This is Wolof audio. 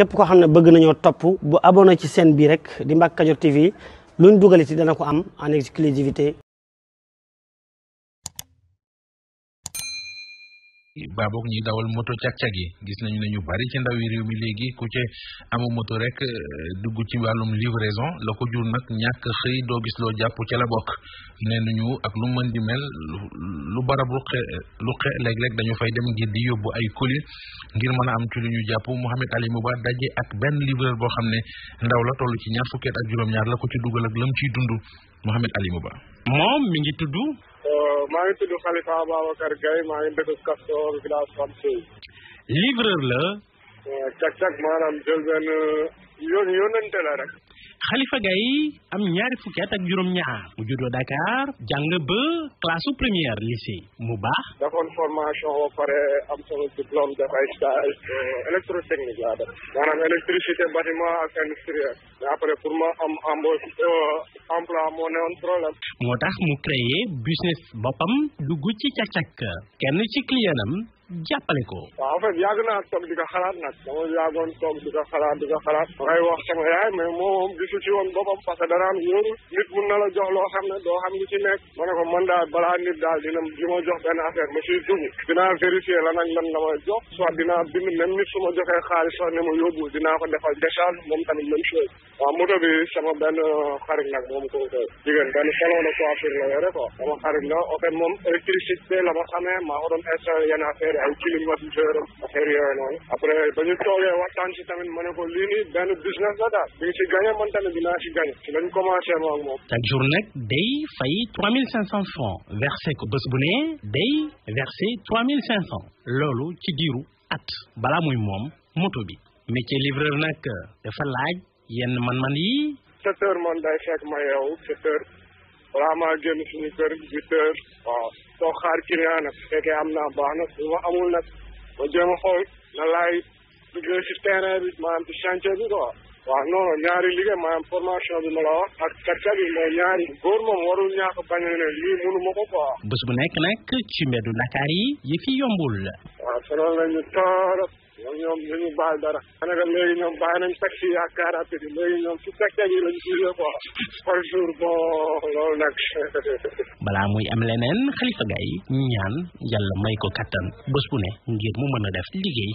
képp koo xam ne bëgg nañoo topp bu abonné ci seen bi rek di Mbacke Kadior TV luñ dugaliti dana ko am en exclusivité baaboog ñi dawal moto cag-cag yi gis nañu ne ñu bari ci ndawi réew mi léegi ku ci amu moto rek euh, dugg ci wàllum livraison la ko jur nag ñàkk xëy doo gis loo jàpp ca la bokk nee nañu ak lu mën di mel lu barab lu xe lu xe léeg-léeg dañu fay dem ngir di yóbbu ay colis ngir mën a am ci lu ñu jàpp Mouhamed Ali Mouba daje ak benn livreur boo xam ne ndaw la toll ci ñaar fukkeet ak juróom-ñaar la ko ci dugal ak lam ciy dund Mouhamed Ali Mouba moom mi ngi tudd. Euh, maa ngi tudd Khalifa Ababacar Gaye maa ngi dëkk Castor village Sam Sey. livreur la. Euh, càq la rek. Khalifa Gaye am ñaari fukki at ak juróom-ñaar mu juddoo Dakar jàng ba classe première lycée mu baax. defoon formation ba pare am sama diplôme def ay stage électrotechnique laa def. maanaam électricité bâtiment ak industriel. mais après pour ma am embauche euh, emploi moo newoon problème. moo tax mu créé business boppam dugg ci càq kenn ci clientam. jàppale ko. waaw en fait yàgg naa toog di ko xalaat nag dama yàggoon toog di ko xalaat di ko xalaat. ngay wax sama yaay mais moom gisu ci woon boppam parce que danaan nit mun na la jox loo xam ne doo xam li ci nekk. ma ne ko man daal balaa nit daal dina di ma jox benn affaire ma siy dugg dinaa vérifier la nag man la ma jox soit dinaa bind même nit su ma joxee xaalis sax ne ma yóbbu dinaa ko defal décharge moom tamit même chose. waaw moto bi sama benn xarit nag moom ay kilim atmosphère am après ba ñu toogee waxtaan si tamit ma ne ko lii nii benn business la daal bi nga si gagné man tamit dinaa si gagné si lañ commencé moom chaque nag day fay trois mille cinq cent francs ko bés bu ne day versé trois mille cinq cent loolu ci diiru at balaa muy moom moto bi métier livreur nag dafa laaj yenn man-man yi sept man day fekk ma yeewu sept balaa maa génn suñu kër huit heures waaw toog xaar nag fekkee am naa baax na su amul nag ma jéem a xool na laay liggéey si terrain bi maanaam ci chantier bi quoi waaw non ñaari liggéey maanaam formation bi ma la wax ak kàcca bi mooy ñaari góor moom warul ñàkk bañ a ne lii mënu ma ko quoi. bés bu nekk nag ci mbedu Dakar yi yi fi yombul. waaw sonal nañu torop ñoom ñoom ñu baal dara. xanaa léegi ñoom nañ taxi ak car rapide léegi ñoom ci taxi yi lañ tuddee quoi. par jour loolu nag. balaa muy am leneen Khalifa Gaye ñaan yàlla may ko kattan bës bu ne ngir mu mën a def liggéey